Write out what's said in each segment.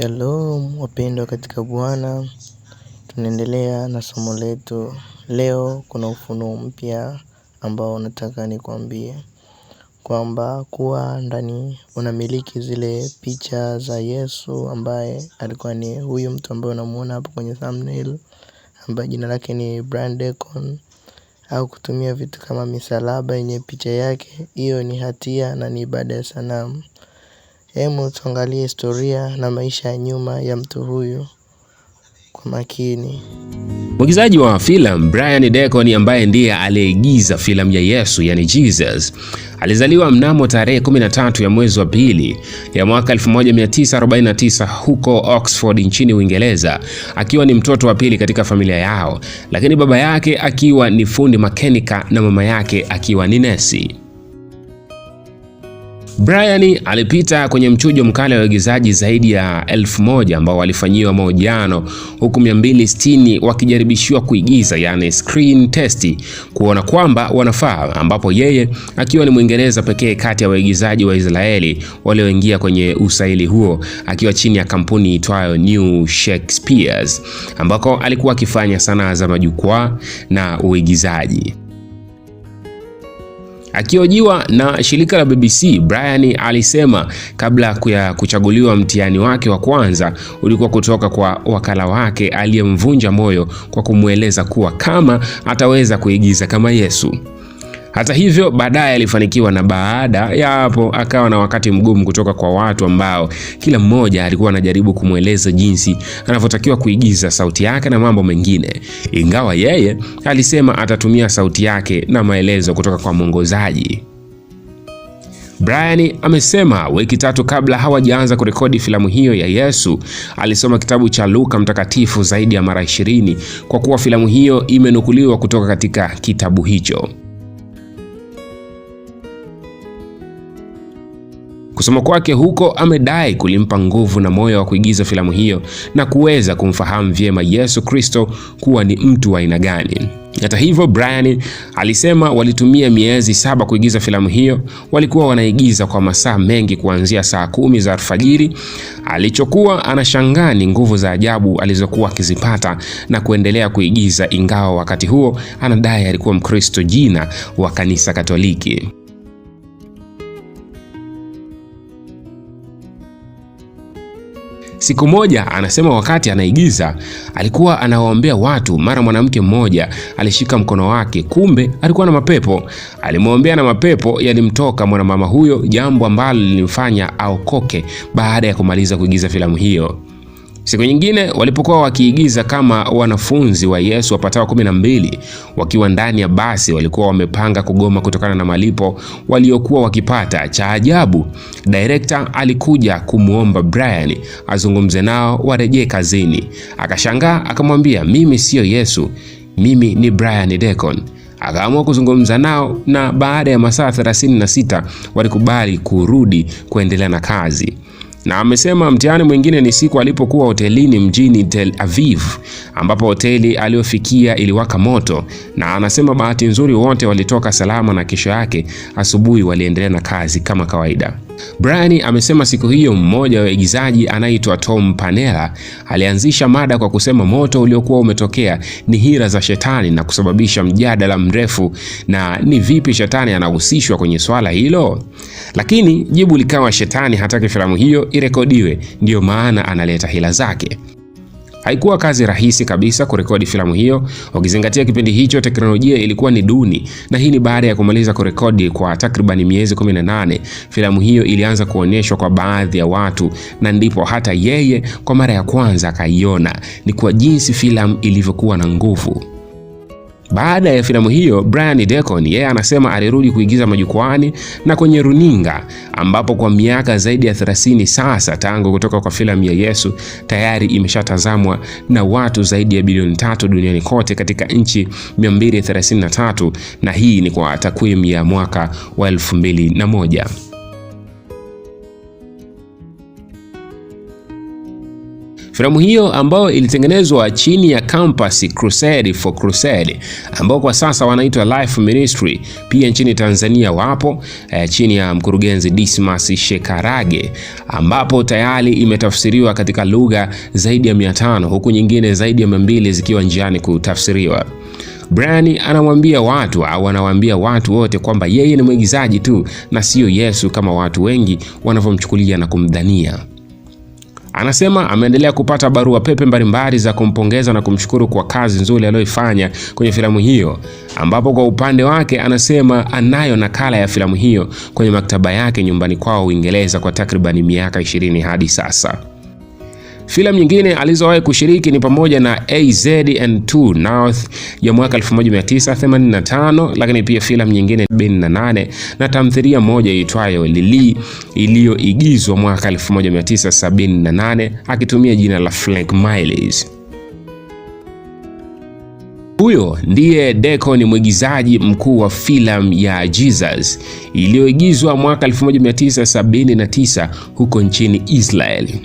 Shalom wapendwa katika Bwana, tunaendelea na somo letu. Leo kuna ufunuo mpya ambao nataka nikwambie kwamba kuwa ndani unamiliki zile picha za Yesu ambaye alikuwa ni huyu mtu ambaye unamuona hapo kwenye thumbnail, ambaye jina lake ni Brian Deacon, au kutumia vitu kama misalaba yenye picha yake, hiyo ni hatia na ni ibada ya sanamu. Hemu tuangalie historia na maisha ya nyuma ya mtu huyu kwa makini. Mwigizaji wa filamu Brian Deacon ambaye ndiye aliyeigiza filamu ya Yesu yani Jesus alizaliwa mnamo tarehe 13 ya mwezi wa pili ya mwaka 1949 huko Oxford nchini Uingereza, akiwa ni mtoto wa pili katika familia yao, lakini baba yake akiwa ni fundi makenika na mama yake akiwa ni nesi. Brian alipita kwenye mchujo mkali wa waigizaji zaidi ya elfu moja ambao walifanyiwa mahojiano huku 260 wakijaribishiwa kuigiza, yani screen test, kuona kwamba wanafaa, ambapo yeye akiwa ni Mwingereza pekee kati ya waigizaji wa Israeli walioingia kwenye usaili huo akiwa chini ya kampuni itwayo New Shakespeare's ambako alikuwa akifanya sanaa za majukwaa na uigizaji. Akiojiwa na shirika la BBC, Brian alisema kabla ya kuchaguliwa, mtihani wake wa kwanza ulikuwa kutoka kwa wakala wake aliyemvunja moyo kwa kumweleza kuwa kama ataweza kuigiza kama Yesu. Hata hivyo, baadaye alifanikiwa na baada ya hapo akawa na wakati mgumu kutoka kwa watu ambao kila mmoja alikuwa anajaribu kumweleza jinsi anavyotakiwa kuigiza sauti yake na mambo mengine, ingawa yeye alisema atatumia sauti yake na maelezo kutoka kwa mwongozaji. Brian amesema wiki tatu kabla hawajaanza kurekodi filamu hiyo ya Yesu, alisoma kitabu cha Luka Mtakatifu zaidi ya mara 20 kwa kuwa filamu hiyo imenukuliwa kutoka katika kitabu hicho. Kusoma kwake huko amedai kulimpa nguvu na moyo wa kuigiza filamu hiyo na kuweza kumfahamu vyema Yesu Kristo kuwa ni mtu wa aina gani. Hata hivyo, Brian alisema walitumia miezi saba kuigiza filamu hiyo. Walikuwa wanaigiza kwa masaa mengi kuanzia saa kumi za alfajiri. Alichokuwa anashangaa ni nguvu za ajabu alizokuwa akizipata na kuendelea kuigiza, ingawa wakati huo anadai alikuwa Mkristo jina wa kanisa Katoliki. Siku moja anasema wakati anaigiza alikuwa anawaombea watu, mara mwanamke mmoja alishika mkono wake, kumbe alikuwa na mapepo. Alimwombea na mapepo yalimtoka mwanamama huyo, jambo ambalo lilimfanya aokoke baada ya kumaliza kuigiza filamu hiyo. Siku nyingine walipokuwa wakiigiza kama wanafunzi wa Yesu wapatao kumi na mbili wakiwa ndani ya basi, walikuwa wamepanga kugoma kutokana na malipo waliokuwa wakipata. Cha ajabu, direkta alikuja kumwomba Brian azungumze nao warejee kazini. Akashangaa akamwambia, mimi siyo Yesu, mimi ni Brian Deacon. Akaamua kuzungumza nao na baada ya masaa 36 walikubali kurudi kuendelea na kazi na amesema mtihani mwingine ni siku alipokuwa hotelini mjini Tel Aviv ambapo hoteli aliyofikia iliwaka moto, na anasema bahati nzuri wote walitoka salama na kesho yake asubuhi waliendelea na kazi kama kawaida. Brian amesema siku hiyo mmoja wa waigizaji anaitwa Tom Panella alianzisha mada kwa kusema moto uliokuwa umetokea ni hila za shetani na kusababisha mjadala mrefu na ni vipi shetani anahusishwa kwenye swala hilo. Lakini jibu likawa shetani hataki filamu hiyo irekodiwe, ndiyo maana analeta hila zake. Haikuwa kazi rahisi kabisa kurekodi filamu hiyo, ukizingatia kipindi hicho teknolojia ilikuwa ni duni, na hii ni baada ya kumaliza kurekodi kwa takribani miezi 18. Filamu hiyo ilianza kuonyeshwa kwa baadhi ya watu, na ndipo hata yeye kwa mara ya kwanza akaiona, ni kwa jinsi filamu ilivyokuwa na nguvu. Baada ya filamu hiyo, Brian Decon yeye anasema alirudi kuigiza majukwani na kwenye runinga, ambapo kwa miaka zaidi ya 30 sasa tangu kutoka kwa filamu ya Yesu tayari imeshatazamwa na watu zaidi ya bilioni tatu duniani kote katika nchi 233 na hii ni kwa takwimu ya mwaka wa 2001. Filamu hiyo ambayo ilitengenezwa chini ya Campus Crusade for Crusade ambao kwa sasa wanaitwa Life Ministry, pia nchini Tanzania wapo eh, chini ya mkurugenzi Dismas Shekarage, ambapo tayari imetafsiriwa katika lugha zaidi ya 500 huku nyingine zaidi ya 200 zikiwa njiani kutafsiriwa. Brian anamwambia watu au anawaambia watu wote kwamba yeye ni mwigizaji tu na siyo Yesu kama watu wengi wanavyomchukulia na kumdhania. Anasema ameendelea kupata barua pepe mbalimbali za kumpongeza na kumshukuru kwa kazi nzuri aliyoifanya kwenye filamu hiyo, ambapo kwa upande wake anasema anayo nakala ya filamu hiyo kwenye maktaba yake nyumbani kwao Uingereza kwa takribani miaka 20 hadi sasa. Filamu nyingine alizowahi kushiriki ni pamoja na AZN2 North ya mwaka 1985, lakini pia filamu nyingine 78 na tamthilia moja iitwayo Lili iliyoigizwa mwaka 1978 akitumia jina la Frank Miles. Huyo ndiye Deco, ni mwigizaji mkuu wa filamu ya Jesus iliyoigizwa mwaka 1979 huko nchini Israeli.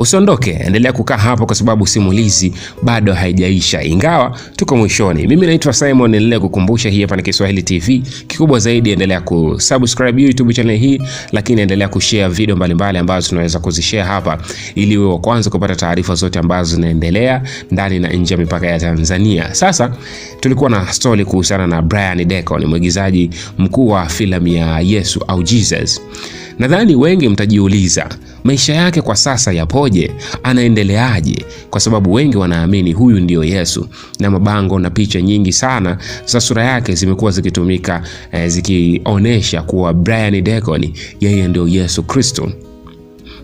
Usiondoke, endelea kukaa hapo kwa sababu simulizi bado haijaisha, ingawa tuko mwishoni. Mimi naitwa Simon, endelea kukumbusha, hii hapa ni Kiswahili TV. Kikubwa zaidi, endelea kusubscribe YouTube channel hii, lakini endelea kushare video mbalimbali ambazo tunaweza kuzishare hapa, ili uwe wa kwanza kupata taarifa zote ambazo zinaendelea ndani na nje ya mipaka ya Tanzania. Sasa tulikuwa na story kuhusiana na Brian Deco, ni mwigizaji mkuu wa filamu ya Yesu au Jesus Nadhani wengi mtajiuliza maisha yake kwa sasa yapoje, anaendeleaje? Kwa sababu wengi wanaamini huyu ndiyo Yesu, na mabango na picha nyingi sana za sura yake zimekuwa zikitumika eh, zikionyesha kuwa Brian Deacon yeye ndio Yesu Kristo.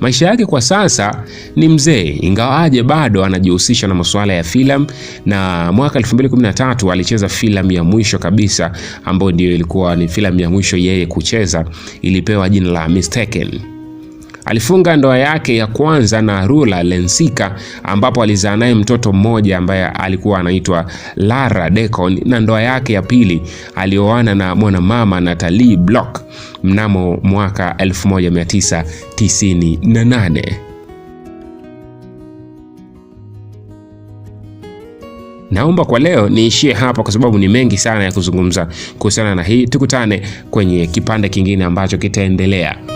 Maisha yake kwa sasa ni mzee, ingawaje bado anajihusisha na masuala ya filamu, na mwaka 2013 alicheza filamu ya mwisho kabisa ambayo ndiyo ilikuwa ni filamu ya mwisho yeye kucheza, ilipewa jina la Mistaken. Alifunga ndoa yake ya kwanza na Rula Lensika, ambapo alizaa naye mtoto mmoja ambaye alikuwa anaitwa Lara Decon, na ndoa yake ya pili alioana na mwanamama Natalie Block mnamo mwaka 1998. Naomba kwa leo niishie hapa kwa sababu ni mengi sana ya kuzungumza kuhusiana na hii. Tukutane kwenye kipande kingine ambacho kitaendelea.